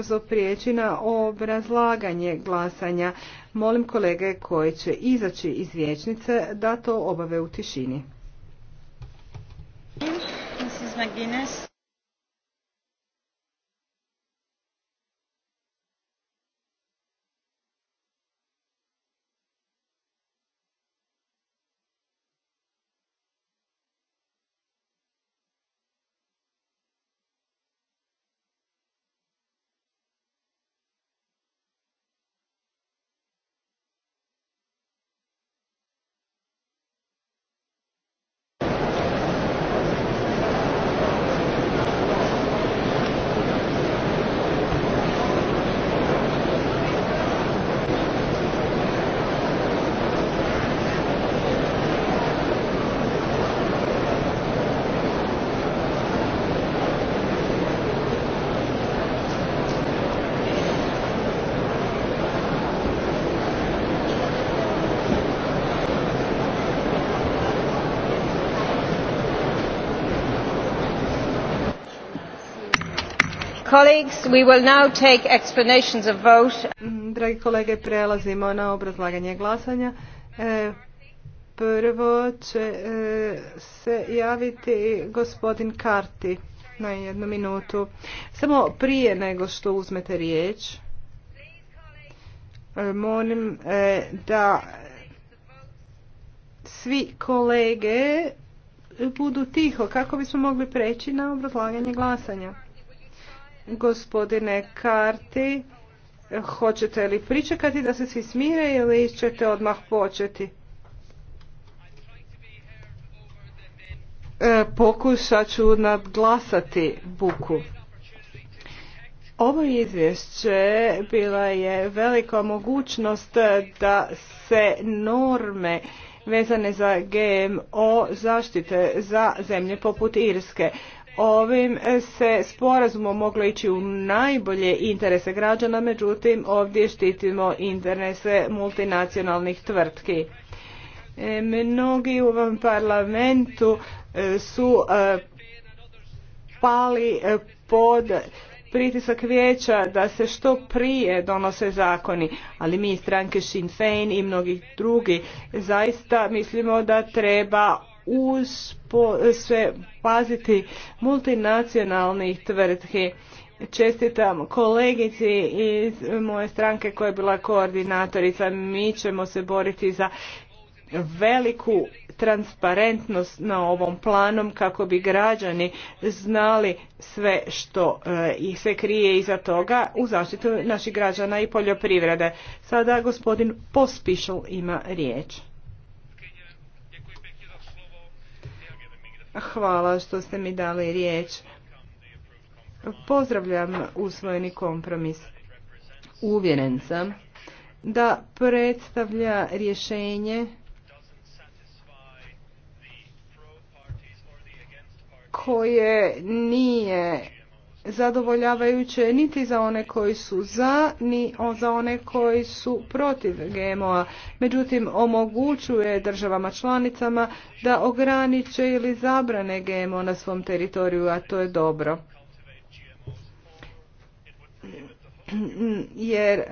brzo prijeći na obrazlaganje glasanja. Molim kolege koji će izaći iz vječnice da to obave u tišini. Mm, dragi kolege, prelazimo na obrazlaganje glasanja. E, prvo će e, se javiti gospodin Karti na jednu minutu. Samo prije nego što uzmete riječ, e, molim da svi kolege budu tiho kako bismo mogli preći na obrazlaganje glasanja. Gospodine Karti, hoćete li pričekati da se svi smire ili ćete odmah početi? E, pokušat ću nadglasati buku. Ovo izvješće bila je velika mogućnost da se norme vezane za GMO zaštite za zemlje poput Irske ovim se sporazumom moglo ići u najbolje interese građana, međutim ovdje štitimo interese multinacionalnih tvrtki. E, mnogi u ovom parlamentu e, su e, pali pod pritisak vijeća da se što prije donose zakoni, ali mi stranke Sinn Fein i mnogi drugi zaista mislimo da treba uspo, sve paziti multinacionalnih tvrtki. Čestitam kolegici iz moje stranke koja je bila koordinatorica. Mi ćemo se boriti za veliku transparentnost na ovom planom kako bi građani znali sve što e, ih se krije iza toga u zaštitu naših građana i poljoprivrede. Sada gospodin Pospišal ima riječ. Hvala što ste mi dali riječ. Pozdravljam usvojeni kompromis. Uvjeren sam da predstavlja rješenje koje nije zadovoljavajuće niti za one koji su za, ni za one koji su protiv GMO-a. Međutim, omogućuje državama članicama da ograniče ili zabrane GMO na svom teritoriju, a to je dobro. Jer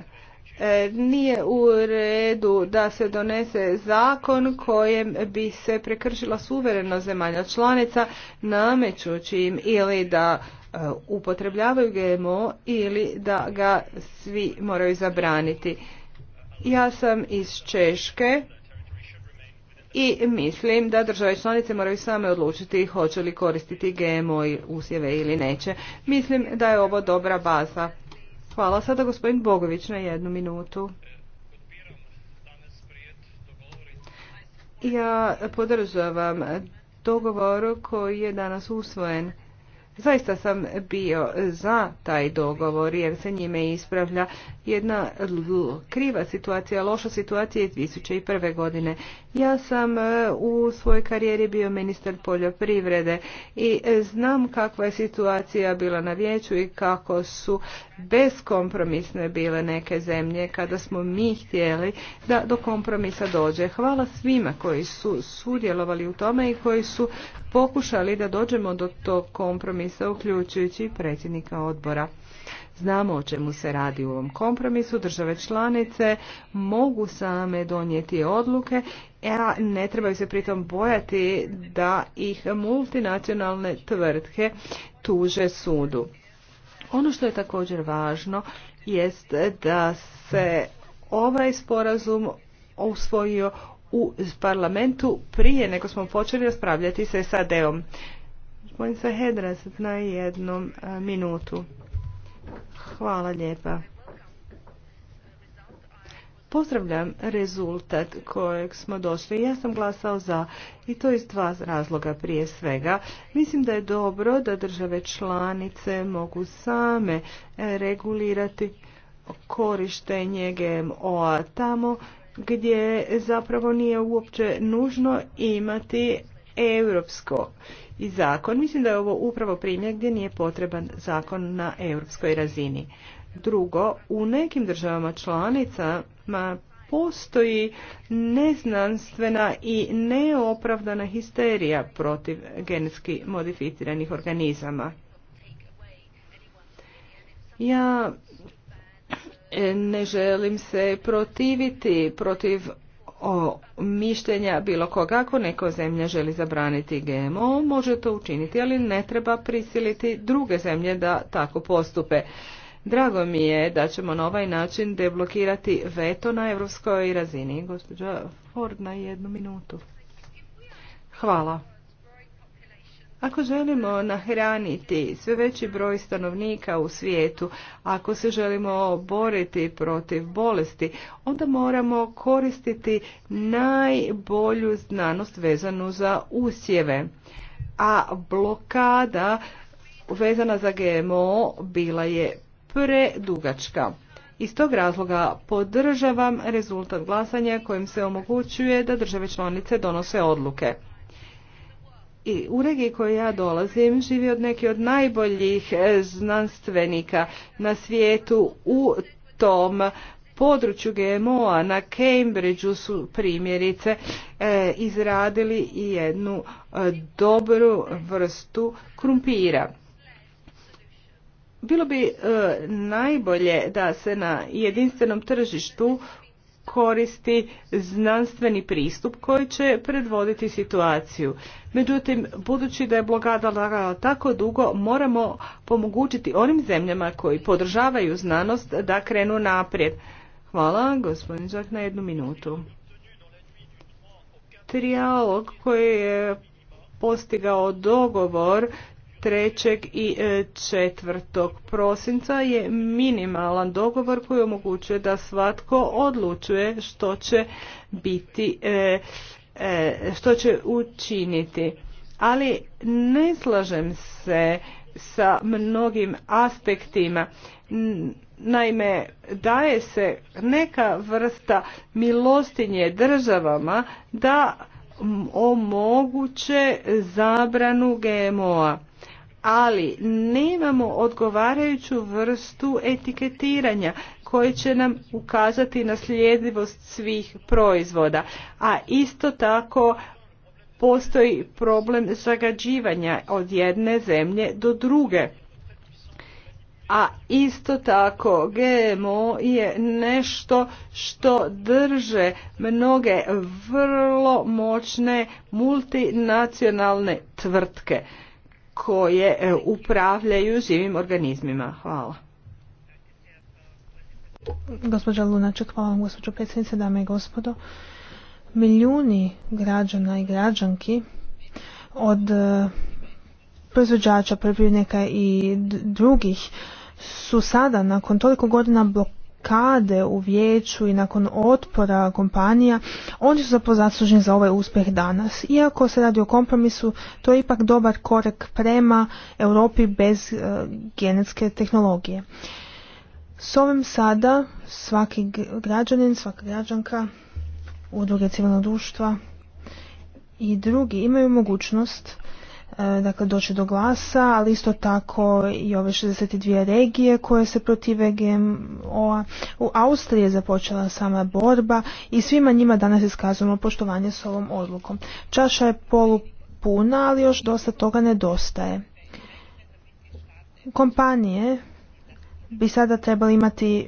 e, nije u redu da se donese zakon kojem bi se prekršila suverenost zemalja članica namećući im ili da E, upotrebljavaju GMO ili da ga svi moraju zabraniti. Ja sam iz Češke i mislim da države članice moraju same odlučiti hoće li koristiti GMO usjeve ili neće. Mislim da je ovo dobra baza. Hvala sada gospodin Bogović na jednu minutu. Ja podržavam dogovor koji je danas usvojen. Zaista sam bio za taj dogovor jer se njime ispravlja jedna kriva situacija, loša situacija iz 2001. godine. Ja sam e, u svojoj karijeri bio ministar poljoprivrede i e, znam kakva je situacija bila na vijeću i kako su beskompromisne bile neke zemlje kada smo mi htjeli da do kompromisa dođe. Hvala svima koji su sudjelovali u tome i koji su pokušali da dođemo do tog kompromisa uključujući predsjednika odbora. Znamo o čemu se radi u ovom kompromisu, države članice mogu same donijeti odluke a ne trebaju se pritom bojati da ih multinacionalne tvrtke tuže sudu. Ono što je također važno jest da se ovaj sporazum usvojio u parlamentu prije nego smo počeli raspravljati se sa deom. Gospodin Sahedras na jednom minutu. Hvala lijepa. Pozdravljam rezultat kojeg smo došli. Ja sam glasao za i to iz dva razloga prije svega. Mislim da je dobro da države članice mogu same e, regulirati korištenje GMO-a tamo gdje zapravo nije uopće nužno imati europsko i zakon. Mislim da je ovo upravo primjer gdje nije potreban zakon na europskoj razini. Drugo, u nekim državama članicama postoji neznanstvena i neopravdana histerija protiv genetski modificiranih organizama. Ja ne želim se protiviti protiv o mišljenja bilo koga ako neko zemlja želi zabraniti GMO može to učiniti ali ne treba prisiliti druge zemlje da tako postupe Drago mi je da ćemo na ovaj način deblokirati veto na europskoj razini. Gospođa Ford na jednu minutu. Hvala. Ako želimo nahraniti sve veći broj stanovnika u svijetu, ako se želimo boriti protiv bolesti, onda moramo koristiti najbolju znanost vezanu za usjeve. A blokada vezana za GMO bila je predugačka. Iz tog razloga podržavam rezultat glasanja kojim se omogućuje da države članice donose odluke. I u regiji kojoj ja dolazim živi od neki od najboljih e, znanstvenika na svijetu u tom području GMO-a na Cambridgeu su primjerice e, izradili jednu e, dobru vrstu krumpira bilo bi e, najbolje da se na jedinstvenom tržištu koristi znanstveni pristup koji će predvoditi situaciju. Međutim, budući da je blokada tako dugo, moramo pomogućiti onim zemljama koji podržavaju znanost da krenu naprijed. Hvala, gospodin Žak, na jednu minutu. Trijalog koji je postigao dogovor 3. i 4. E, prosinca je minimalan dogovor koji omogućuje da svatko odlučuje što će biti e, e, što će učiniti. Ali ne slažem se sa mnogim aspektima. Naime, daje se neka vrsta milostinje državama da omoguće zabranu GMO-a. Ali nemamo odgovarajuću vrstu etiketiranja koje će nam ukazati na sljedivost svih proizvoda. A isto tako postoji problem zagađivanja od jedne zemlje do druge a isto tako GMO je nešto što drže mnoge vrlo moćne multinacionalne tvrtke koje e, upravljaju živim organizmima. Hvala. Gospođa Lunaček, hvala vam gospođo predsjednice, dame i gospodo. Milijuni građana i građanki od e, proizvođača, poljoprivrednika i drugih su sada nakon toliko godina blokade u vijeću i nakon otpora kompanija, oni su zapravo zaslužni za ovaj uspjeh danas. Iako se radi o kompromisu, to je ipak dobar korek prema Europi bez e, genetske tehnologije. S ovim sada svaki građanin, svaka građanka, udruge civilnog društva i drugi imaju mogućnost E, dakle doći do glasa, ali isto tako i ove 62 regije koje se protive GMO-a. U Austriji je započela sama borba i svima njima danas iskazujemo poštovanje s ovom odlukom. Čaša je polupuna, ali još dosta toga nedostaje. Kompanije bi sada trebali imati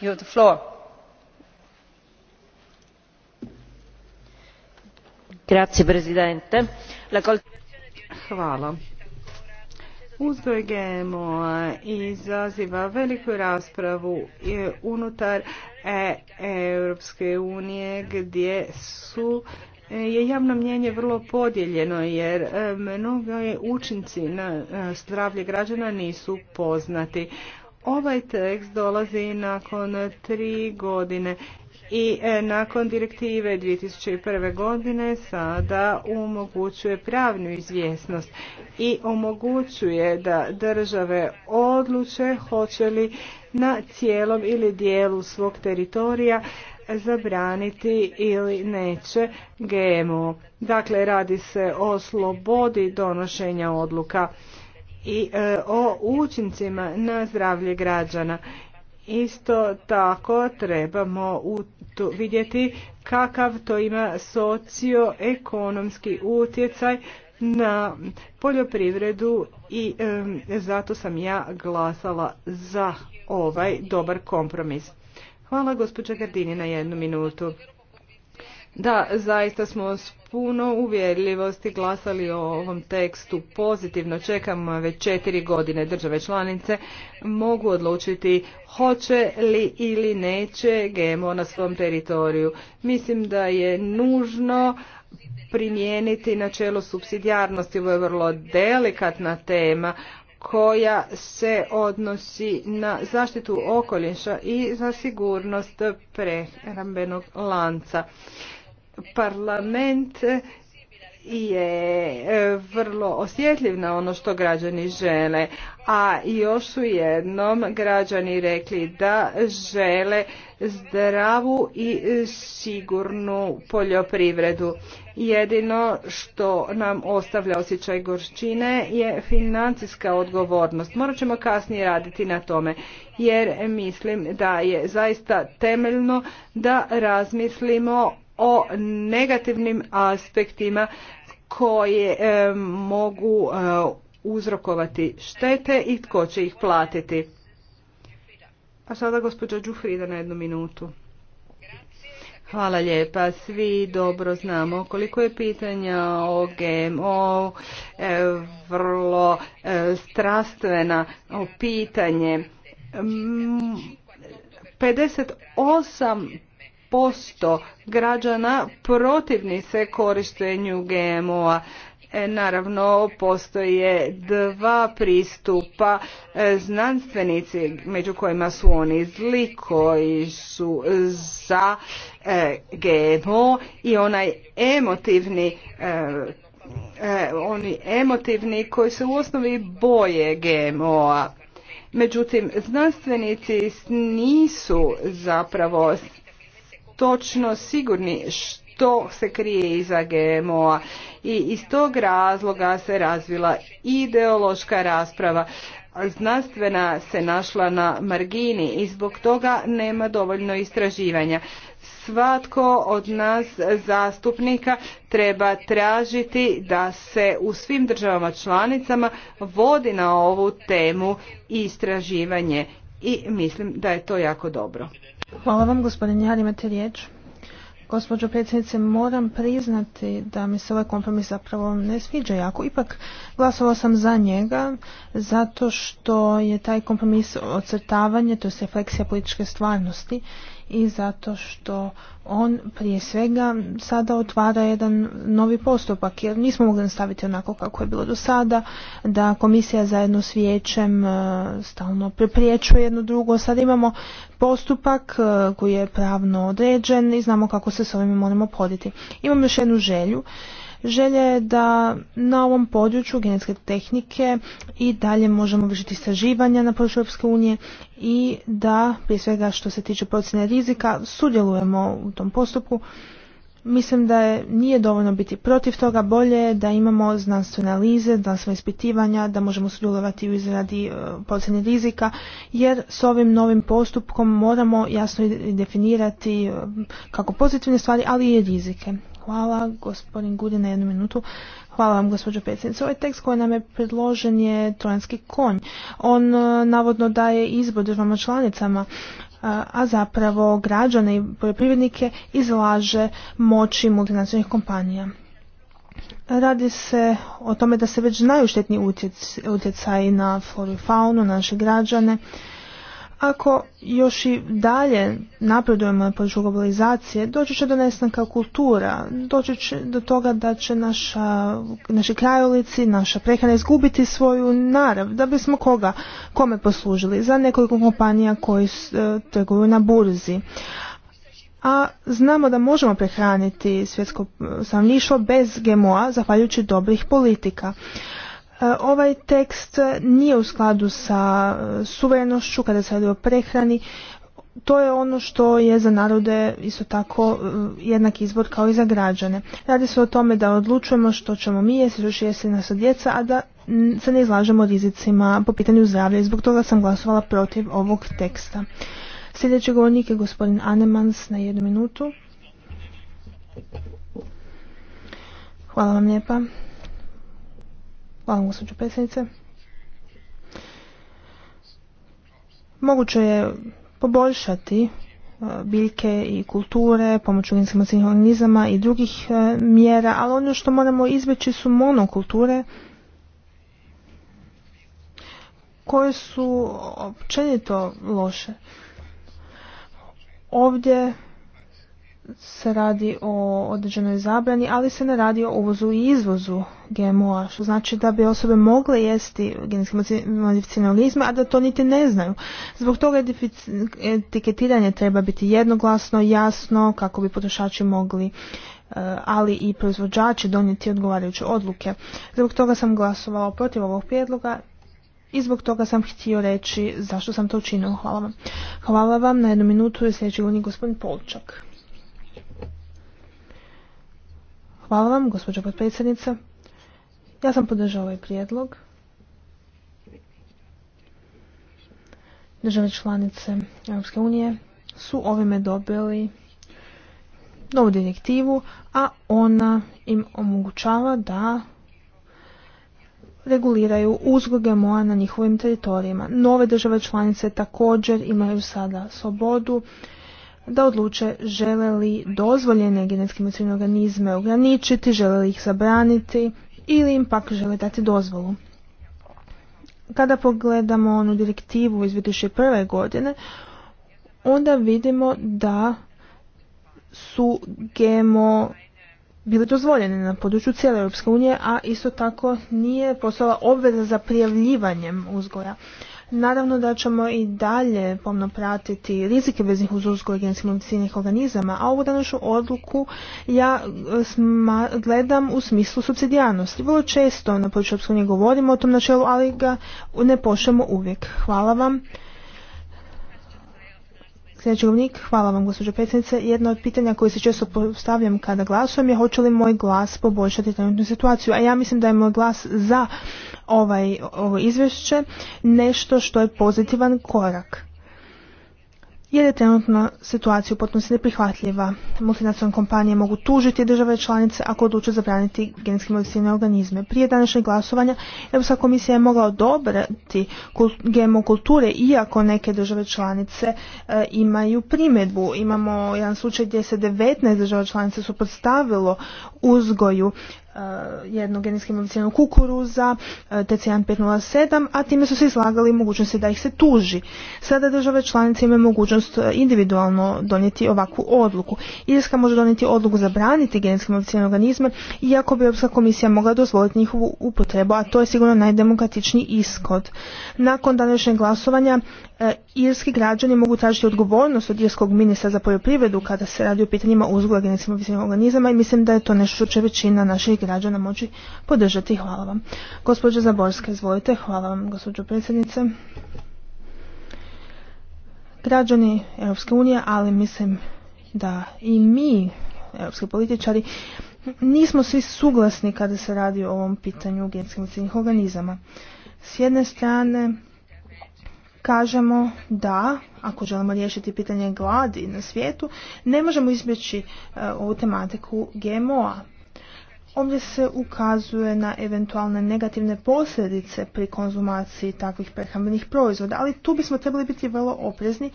gospođo predsjednice hvala. uzgoj gmo izaziva veliku raspravu unutar e, europske unije gdje su e, je javno mjenje vrlo podijeljeno jer e, mnogi učinci na zdravlje građana nisu poznati Ovaj tekst dolazi nakon tri godine i e, nakon direktive 2001. godine sada omogućuje pravnu izvjesnost i omogućuje da države odluče hoće li na cijelom ili dijelu svog teritorija zabraniti ili neće GMO. Dakle, radi se o slobodi donošenja odluka i e, o učincima na zdravlje građana. Isto tako trebamo vidjeti kakav to ima socioekonomski utjecaj na poljoprivredu i e, zato sam ja glasala za ovaj dobar kompromis. Hvala gospođa Gardini na jednu minutu. Da, zaista smo s puno uvjerljivosti glasali o ovom tekstu pozitivno. Čekam već četiri godine države članice mogu odlučiti hoće li ili neće GMO na svom teritoriju. Mislim da je nužno primijeniti načelo subsidijarnosti. Ovo je vrlo delikatna tema koja se odnosi na zaštitu okoliša i za sigurnost prehrambenog lanca parlament je e, vrlo osjetljiv na ono što građani žele, a još su jednom građani rekli da žele zdravu i sigurnu poljoprivredu. Jedino što nam ostavlja osjećaj gorčine je financijska odgovornost. Morat ćemo kasnije raditi na tome jer mislim da je zaista temeljno da razmislimo o negativnim aspektima koje e, mogu e, uzrokovati štete i tko će ih platiti. A sada gospođa Đufrida na jednu minutu. Hvala lijepa. Svi dobro znamo koliko je pitanja o GMO e, vrlo strastvena pitanje. 58 posto građana protivni se korištenju GMO-a. E, naravno, postoje dva pristupa. E, znanstvenici, među kojima su oni zli, koji su za e, GMO i onaj emotivni oni emotivni koji se u osnovi boje GMO-a. Međutim, znanstvenici nisu zapravo točno sigurni što se krije iza GMO-a i iz tog razloga se razvila ideološka rasprava. Znanstvena se našla na margini i zbog toga nema dovoljno istraživanja. Svatko od nas zastupnika treba tražiti da se u svim državama članicama vodi na ovu temu istraživanje i mislim da je to jako dobro. Hvala vam gospodin Jari, imate riječ. Gospođo predsjednice, moram priznati da mi se ovaj kompromis zapravo ne sviđa jako. Ipak glasovao sam za njega zato što je taj kompromis ocrtavanje, to je refleksija političke stvarnosti i zato što on prije svega sada otvara jedan novi postupak jer nismo mogli nastaviti onako kako je bilo do sada da komisija zajedno s vijećem e, stalno prepriječuje jedno drugo sad imamo postupak e, koji je pravno određen i znamo kako se s ovim moramo poditi imam još jednu želju Želje je da na ovom području genetske tehnike i dalje možemo vršiti istraživanja na području Europske unije i da, prije svega što se tiče procjene rizika, sudjelujemo u tom postupku. Mislim da je, nije dovoljno biti protiv toga, bolje je da imamo znanstvene analize, znanstvene ispitivanja, da možemo sudjelovati u izradi e, procjene rizika, jer s ovim novim postupkom moramo jasno definirati e, kako pozitivne stvari, ali i rizike. Hvala, gospodin Gudi, na jednu minutu. Hvala vam, gospođo predsjednice. Ovaj tekst koji nam je predložen je trojanski konj. On e, navodno daje izbor državama članicama e, a zapravo građane i poljoprivrednike izlaže moći multinacionalnih kompanija. Radi se o tome da se već znaju štetni utjecaji na floru i faunu, naše građane, ako još i dalje napredujemo na području globalizacije, doći će do nestanka kultura, doći će do toga da će naša, naši krajolici, naša prehrana izgubiti svoju narav, da bismo koga, kome poslužili, za nekoliko kompanija koji e, trguju na burzi. A znamo da možemo prehraniti svjetsko e, stanovništvo bez GMO-a zahvaljujući dobrih politika. E, ovaj tekst nije u skladu sa e, suverenošću kada se radi o prehrani. To je ono što je za narode isto tako e, jednak izbor kao i za građane. Radi se o tome da odlučujemo što ćemo mi jesti, što jesti od djeca, a da se ne izlažemo rizicima po pitanju zdravlja i zbog toga sam glasovala protiv ovog teksta. Sljedeći govornik je gospodin Anemans na jednu minutu. Hvala vam lijepa. Hvala gospođo predsjednice. Moguće je poboljšati e, biljke i kulture, pomoću genetskih organizama i drugih e, mjera, ali ono što moramo izbjeći su monokulture koje su općenito loše. Ovdje se radi o određenoj zabrani, ali se ne radi o uvozu i izvozu GMO-a, što znači da bi osobe mogle jesti genetski modificirane a da to niti ne znaju. Zbog toga etiketiranje treba biti jednoglasno, jasno, kako bi potrošači mogli eh, ali i proizvođači donijeti odgovarajuće odluke. Zbog toga sam glasovala protiv ovog prijedloga i zbog toga sam htio reći zašto sam to učinila. Hvala vam. Hvala vam na jednu minutu je sljedeći uni gospodin Polčak. Hvala vam, gospođo potpredsjednice. Ja sam podržao ovaj prijedlog. Države članice Europske unije su ovime dobili novu direktivu, a ona im omogućava da reguliraju uzgoj GMO-a na njihovim teritorijima. Nove države članice također imaju sada slobodu da odluče žele li dozvoljene genetske modificirane organizme ograničiti, žele li ih zabraniti ili im pak žele dati dozvolu. Kada pogledamo onu direktivu iz 2001. godine, onda vidimo da su GMO bili dozvoljene na području cijele Europske unije, a isto tako nije postala obveza za prijavljivanjem uzgoja. Naravno da ćemo i dalje pomno pratiti rizike veznih uz uzgoj genetski modificiranih organizama, a ovu današnju odluku ja e, gledam u smislu subsidijarnosti. Vrlo često na području govorimo o tom načelu, ali ga ne pošljamo uvijek. Hvala vam. Sljedeći hvala vam gospođo predsjednice. Jedno od pitanja koje se često postavljam kada glasujem je hoće li moj glas poboljšati trenutnu situaciju. A ja mislim da je moj glas za ovaj, ovo izvješće nešto što je pozitivan korak jer je trenutna situacija u potpunosti neprihvatljiva. Multinacionalne kompanije mogu tužiti države članice ako odluče zabraniti genetski modificirane organizme. Prije današnjeg glasovanja Europska komisija je mogla odobrati GMO kulture iako neke države članice e, imaju primjedbu. Imamo jedan slučaj gdje se 19 država članica suprotstavilo uzgoju Eh, jednog genetski modificiranog kukuruza eh, TC1507, a time su se izlagali mogućnosti da ih se tuži. Sada države članice imaju mogućnost eh, individualno donijeti ovakvu odluku. Irska može donijeti odluku zabraniti genetski modificirane organizme, iako bi Europska komisija mogla dozvoliti njihovu upotrebu, a to je sigurno najdemokratičniji ishod. Nakon današnjeg glasovanja E, irski građani mogu tražiti odgovornost od irskog ministra za poljoprivredu kada se radi o pitanjima uzgoja genetskih organizama i mislim da je to nešto što će većina naših građana moći podržati. Hvala vam. Gospođo Zaborska, izvolite. Hvala vam, gospođo predsjednice. Građani Europske unije, ali mislim da i mi, europski političari, nismo svi suglasni kada se radi o ovom pitanju genetskih organizama. S jedne strane, kažemo da, ako želimo riješiti pitanje gladi na svijetu, ne možemo izbjeći e, ovu tematiku GMO-a. Ovdje se ukazuje na eventualne negativne posljedice pri konzumaciji takvih prehrambenih proizvoda, ali tu bismo trebali biti vrlo oprezni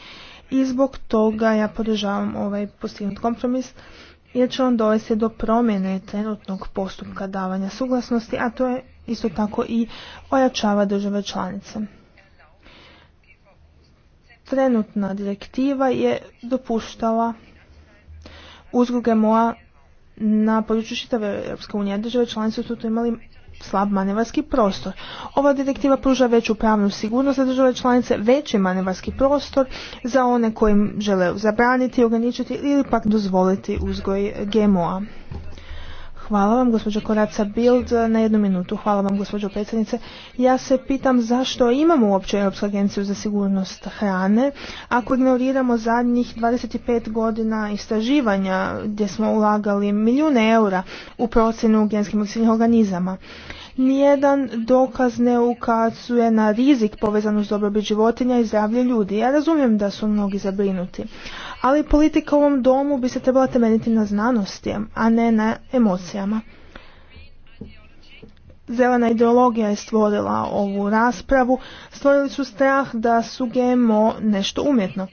i zbog toga ja podržavam ovaj postignut kompromis jer će on dovesti do promjene trenutnog postupka davanja suglasnosti, a to je isto tako i ojačava države članice trenutna direktiva je dopuštala uzgoj GMO-a na području čitave Europske unije. Države članice su tu imali slab manevarski prostor. Ova direktiva pruža veću pravnu sigurnost za države članice, veći manevarski prostor za one koji žele zabraniti, ograničiti ili pak dozvoliti uzgoj GMO-a. Hvala vam, gospođo Koraca Bild, na jednu minutu. Hvala vam, gospođo predsjednice. Ja se pitam zašto imamo uopće Europsku agenciju za sigurnost hrane, ako ignoriramo zadnjih 25 godina istraživanja gdje smo ulagali milijune eura u procjenu genskih modificiranih organizama. Nijedan dokaz ne ukazuje na rizik povezan uz dobrobit životinja i zdravlje ljudi. Ja razumijem da su mnogi zabrinuti, ali politika u ovom domu bi se trebala temeljiti na znanosti, a ne na emocijama. Zelena ideologija je stvorila ovu raspravu, stvorili su strah da su GMO nešto umjetno.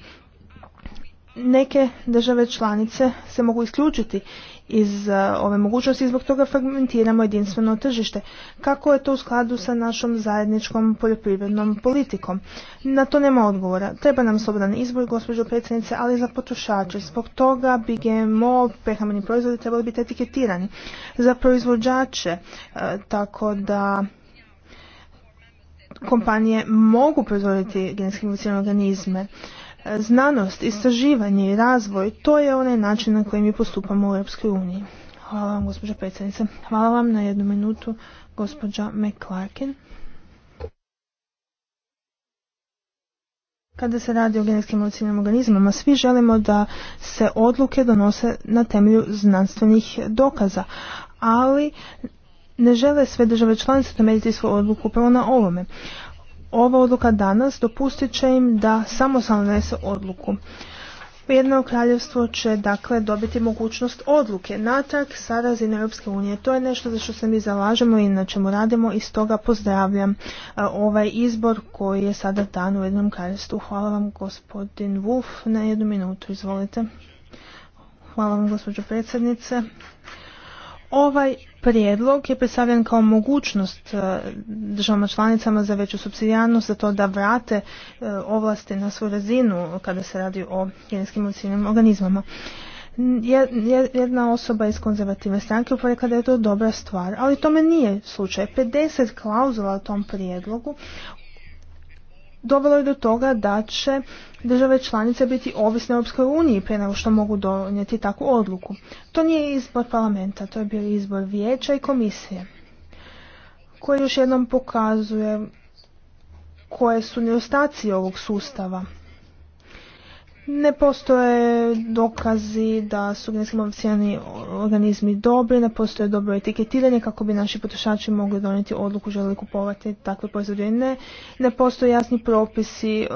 Neke države članice se mogu isključiti iz eh, ove mogućnosti i zbog toga fragmentiramo jedinstveno tržište. Kako je to u skladu sa našom zajedničkom poljoprivrednom politikom? Na to nema odgovora. Treba nam slobodan izbor, gospođo predsjednice, ali za potrošače. Zbog toga bi GMO prehrambeni proizvodi trebali biti etiketirani. Za proizvođače, eh, tako da kompanije mogu proizvoditi genetski modificirane organizme. Znanost, istraživanje i razvoj, to je onaj način na koji mi postupamo u Europskoj uniji. Hvala vam, gospođa predsjednice. Hvala vam na jednu minutu, gospođa McClarkin. Kada se radi o genetskim modificiranim organizmama, svi želimo da se odluke donose na temelju znanstvenih dokaza, ali ne žele sve države članice temeljiti svoju odluku upravo na ovome ova odluka danas dopustit će im da samostalno donese odluku. Ujedno kraljevstvo će dakle dobiti mogućnost odluke natrag sa razine Europske unije. To je nešto za što se mi zalažemo i na čemu radimo i stoga pozdravljam e, ovaj izbor koji je sada dan u jednom kraljevstvu. Hvala vam gospodin Wolf na jednu minutu, izvolite. Hvala vam gospođo predsjednice. Ovaj prijedlog je predstavljen kao mogućnost e, državama članicama za veću subsidijarnost za to da vrate e, ovlasti na svoju razinu kada se radi o genetskim modificiranim organizmama. Jedna osoba iz konzervativne stranke upravo da je to dobra stvar, ali tome nije slučaj. 50 klauzula u tom prijedlogu dovelo je do toga da će države članice biti ovisne o Europskoj uniji prije nego što mogu donijeti takvu odluku. To nije izbor parlamenta, to je bio izbor vijeća i komisije koji još jednom pokazuje koje su nedostaci ovog sustava ne postoje dokazi da su genetski modificirani organizmi dobri, ne postoje dobro etiketiranje kako bi naši potrošači mogli donijeti odluku želi li kupovati takve proizvode ne. Ne postoje jasni propisi e,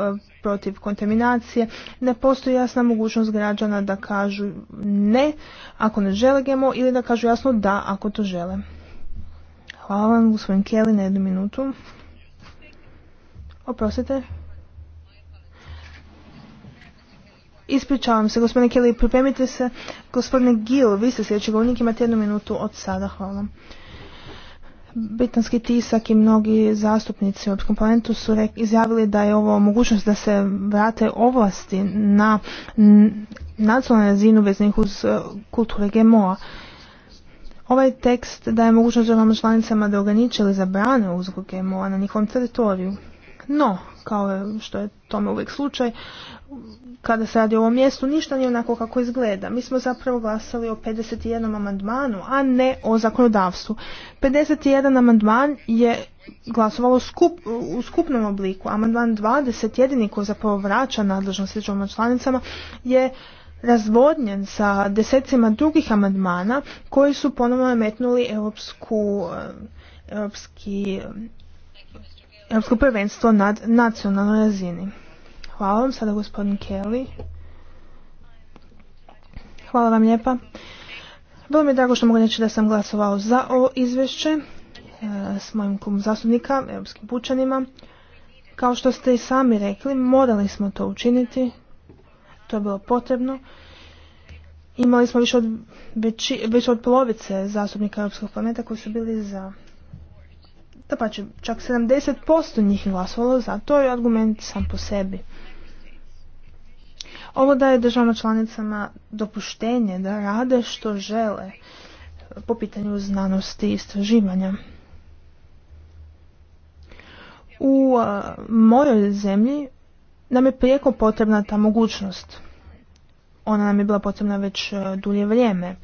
protiv kontaminacije, ne postoji jasna mogućnost građana da kažu ne ako ne žele GMO ili da kažu jasno da ako to žele. Hvala vam gospodin Kelly na jednu minutu. Oprostite. Ispričavam se, gospodine Kelly, pripremite se. Gospodine Gil, vi ste sljedeći govornik, imate jednu minutu od sada, hvala. Britanski tisak i mnogi zastupnici u komponentu su izjavili da je ovo mogućnost da se vrate ovlasti na nacionalnu razinu veznih uz e, kulture GMO-a. Ovaj tekst daje mogućnost državama članicama da ograniče ili zabrane uzgoj GMO-a na njihovom teritoriju. No, kao e, što je tome uvijek slučaj, kada se radi o ovom mjestu, ništa nije onako kako izgleda. Mi smo zapravo glasali o 51 amandmanu, a ne o zakonodavstvu. 51 amandman je glasovalo skup, u skupnom obliku. Amandman 20, jedini koji zapravo vraća nadležnost državama članicama, je razvodnjen sa desecima drugih amandmana koji su ponovno nametnuli europsku e, europski europsko prvenstvo na nacionalnoj razini. Hvala vam sada gospodin Kelly. Hvala vam lijepa. Bilo mi je drago što mogu reći da sam glasovao za ovo izvješće e, s mojim klubom zastupnika, europskim pučanima. Kao što ste i sami rekli, morali smo to učiniti. To je bilo potrebno. Imali smo više od, više od polovice zastupnika Europskog planeta koji su bili za da pa će, čak 70% njih glasovalo za. To je argument sam po sebi. Ovo daje državama članicama dopuštenje da rade što žele po pitanju znanosti i istraživanja. U a, mojoj zemlji nam je prijeko potrebna ta mogućnost. Ona nam je bila potrebna već dulje vrijeme.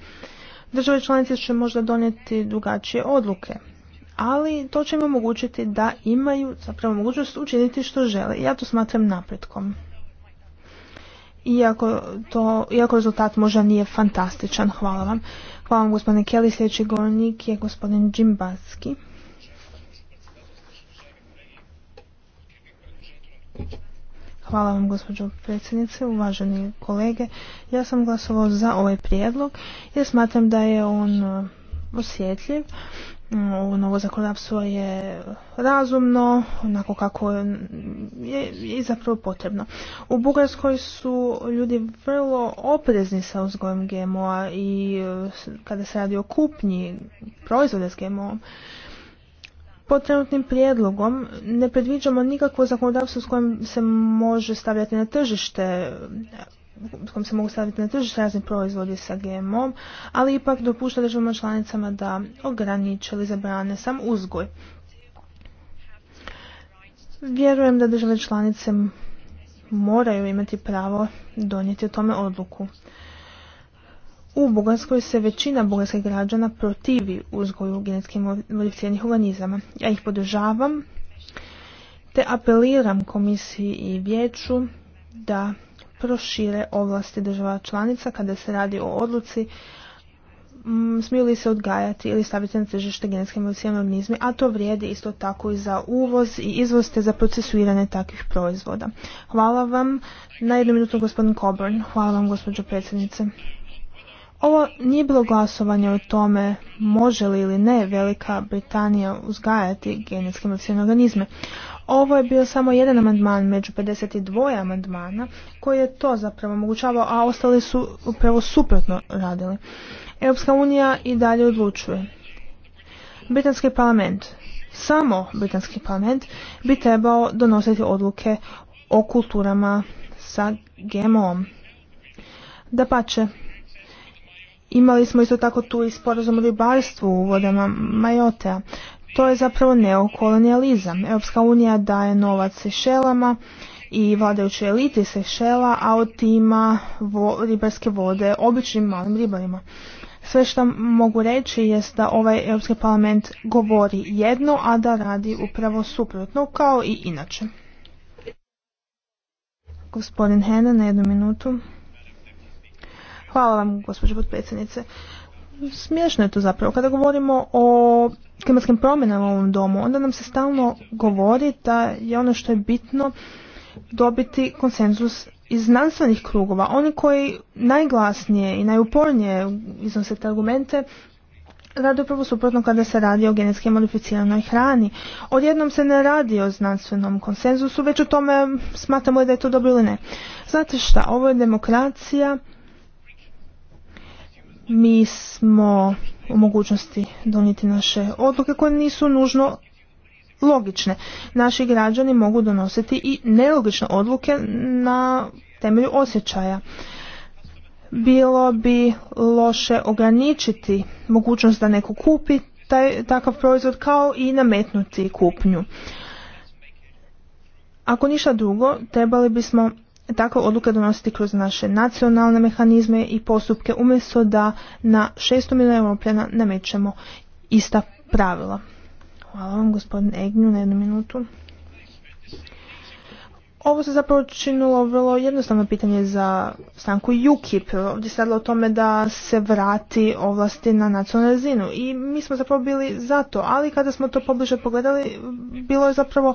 Države članice će možda donijeti drugačije odluke ali to će im omogućiti da imaju zapravo mogućnost učiniti što žele. Ja to smatram napretkom. Iako, to, iako rezultat možda nije fantastičan, hvala vam. Hvala vam gospodine Kelly, sljedeći govornik je gospodin Džimbatski. Hvala vam gospođo predsjednice, uvaženi kolege. Ja sam glasovao za ovaj prijedlog jer smatram da je on uh, osjetljiv ovo mm, novo zakonodavstvo je razumno, onako kako je i zapravo potrebno. U Bugarskoj su ljudi vrlo oprezni sa uzgojem GMO-a i kada se radi o kupnji proizvoda s GMO-om, pod trenutnim prijedlogom ne predviđamo nikakvo zakonodavstvo s kojim se može stavljati na tržište s kojom se mogu staviti na tržište razni proizvodi sa GMO, ali ipak dopušta državama članicama da ograniče ili zabrane sam uzgoj. Vjerujem da države članice moraju imati pravo donijeti o tome odluku. U Bugarskoj se većina bugarskih građana protivi uzgoju genetski modificiranih organizama. Ja ih podržavam te apeliram komisiji i vijeću da prošire ovlasti država članica kada se radi o odluci mm, smiju li se odgajati ili staviti na tržište genetske emocijalne organizme, a to vrijedi isto tako i za uvoz i izvoz te za procesuiranje takvih proizvoda. Hvala vam. Na jednu minutu gospodin Coburn. Hvala vam gospođo predsjednice. Ovo nije bilo glasovanje o tome može li ili ne Velika Britanija uzgajati genetske emocijalne organizme. Ovo je bio samo jedan amandman među 52 amandmana koji je to zapravo omogućavao, a ostali su upravo suprotno radili. Europska unija i dalje odlučuje. Britanski parlament, samo Britanski parlament, bi trebao donositi odluke o kulturama sa GMO-om. Da pače, imali smo isto tako tu i sporazum o ribarstvu u vodama Majotea. To je zapravo neokolonijalizam. Europska unija daje novac Sešelama i vladajućoj eliti Sešela, a od tima vo, ribarske vode običnim malim ribarima. Sve što mogu reći jest da ovaj Europski parlament govori jedno, a da radi upravo suprotno, kao i inače. Gospodin Hena, na jednu minutu. Hvala vam, gospođo potpredsjednice. Smiješno je to zapravo. Kada govorimo o klimatskim promjenama u ovom domu, onda nam se stalno govori da je ono što je bitno dobiti konsenzus iz znanstvenih krugova. Oni koji najglasnije i najupornije iznose te argumente rade upravo suprotno kada se radi o genetski modificiranoj hrani. Odjednom se ne radi o znanstvenom konsenzusu, već o tome smatramo da je to dobro ili ne. Znate šta, ovo je demokracija mi smo u mogućnosti donijeti naše odluke koje nisu nužno logične. Naši građani mogu donositi i nelogične odluke na temelju osjećaja. Bilo bi loše ograničiti mogućnost da neko kupi taj, takav proizvod kao i nametnuti kupnju. Ako ništa drugo, trebali bismo tako odluka donositi kroz naše nacionalne mehanizme i postupke umjesto da na 600 milijuna europljena namećemo ista pravila. Hvala vam gospodin Egnju na jednu minutu. Ovo se zapravo činilo vrlo jednostavno pitanje za stanku UKIP. Ovdje se radilo o tome da se vrati ovlasti na nacionalnu razinu i mi smo zapravo bili za to, ali kada smo to pobliže pogledali, bilo je zapravo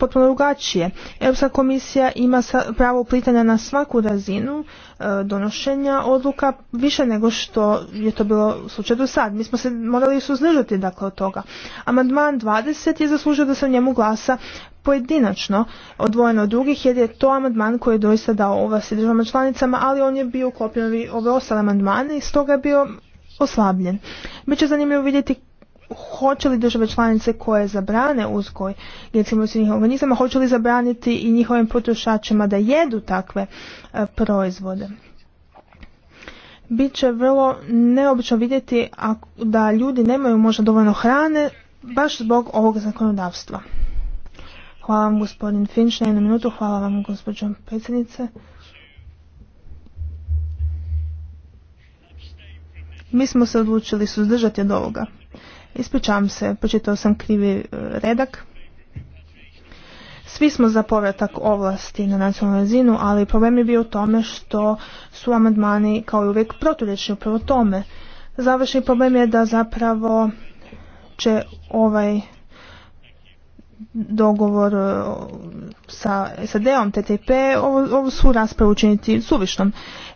potpuno drugačije. Europska komisija ima pravo uplitanja na svaku razinu, E, donošenja odluka više nego što je to bilo u slučaju do sad. Mi smo se morali suzdržati dakle od toga. Amandman 20 je zaslužio da se njemu glasa pojedinačno odvojeno od drugih jer je to amandman koji je doista dao ovlasti državama članicama, ali on je bio uklopljen ove ostale amandmane i stoga je bio oslabljen. Biće zanimljivo vidjeti hoće li države članice koje zabrane uzgoj u modificiranih organizama, hoće li zabraniti i njihovim potrošačima da jedu takve e, proizvode? Bit će vrlo neobično vidjeti da ljudi nemaju možda dovoljno hrane baš zbog ovog zakonodavstva. Hvala vam gospodin Finč na jednu minutu, hvala vam gospođo predsjednice. Mi smo se odlučili suzdržati od ovoga. Ispričavam se, počitao sam krivi e, redak. Svi smo za povratak ovlasti na nacionalnu razinu, ali problem je bio u tome što su amandmani kao i uvijek proturječni upravo tome. Završni problem je da zapravo će ovaj dogovor e, sa SAD-om TTP ovu svu raspravu učiniti suvišnom.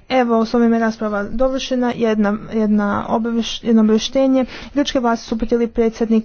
Evo, s ovim je rasprava dovršena. Jedna, jedna Ljudske vas vlasti su uputili predsjednik